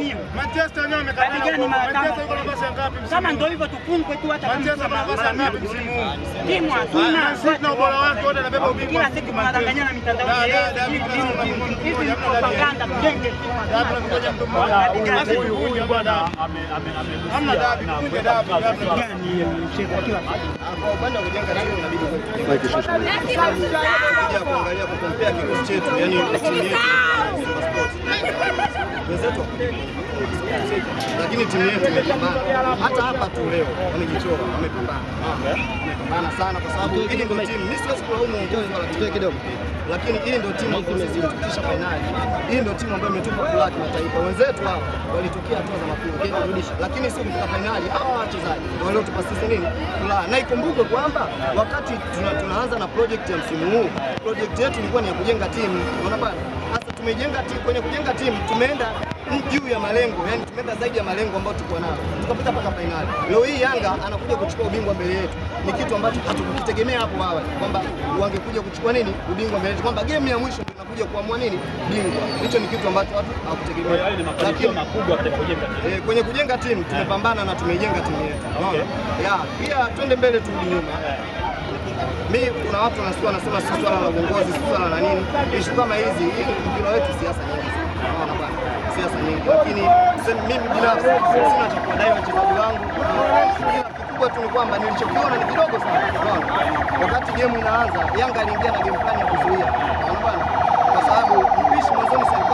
tusiamini. Manchester wenyewe wamekataa. Wapigane mahakama. Kama ndio hivyo tupungwe tu hata kama tuna mara ngapi msimu huu. Timu hatuna. Sisi tuna ubora wake wote nabeba ubingwa. Kila siku tunadanganyana mitandao yetu. Hizi ni propaganda mjenge timu. Labda mmoja mtu mmoja. Basi huyu bwana ame ame ame. Hamna dabi, kunje dabi. Gani cheko kila kitu. Kwa upande wa kujenga timu inabidi kwa kesho. Kuja kuangalia kukompea kikosi chetu, yani timu yetu. Wenzetu lakini timu yetu imepambana. Hata hapa tu leo wamejichora, wamepambana, wamepambana sana, kwa sababu hili ndio timu. Mimi siwezi kulaumu uongozi kidogo, lakini hili ndio timu ambayo imezifikisha fainali. Hili ndio timu ambayo imetupa furaha kimataifa. Wenzetu hao walitokea hatua za makundi kurudisha, lakini sio kufika fainali. Hawa wachezaji waliotupa sisi nini kula. na ikumbuke kwamba wakati tunaanza na project ya msimu huu, project yetu ilikuwa ni ya kujenga timu, unaona bwana, Sasa tumejenga timu, kwenye kujenga timu tumeenda juu ya malengo, yani tumeenda zaidi ya malengo ambayo tulikuwa nayo, tukapita mpaka fainali. Leo hii Yanga anakuja kuchukua ubingwa mbele yetu, ni kitu ambacho hatukukitegemea hapo awali kwamba wangekuja kuchukua nini ubingwa mbele yetu, kwamba game ya mwisho tunakuja kuamua nini bingwa. Hicho ni kitu ambacho watu hawakutegemea, ni mafanikio makubwa katika kujenga timu e, kwenye kujenga timu tumepambana na tumejenga timu yetu okay. ya pia twende mbele, tu nyuma mi kuna watu wanasikia wanasema sisi swala la uongozi, swala la nini, ishu kama hizi, hii, mpira wetu siasa nyingi naona bwana siasa nyingi, lakini mimi binafsi sina cha kuwadai wachezaji wangu. Kikubwa tu ni kwamba nilichokiona ni kidogo sana. Wakati gemu inaanza, Yanga aliingia na game plan ya kuzuia, naona kwa sababu mpishi mwanzoni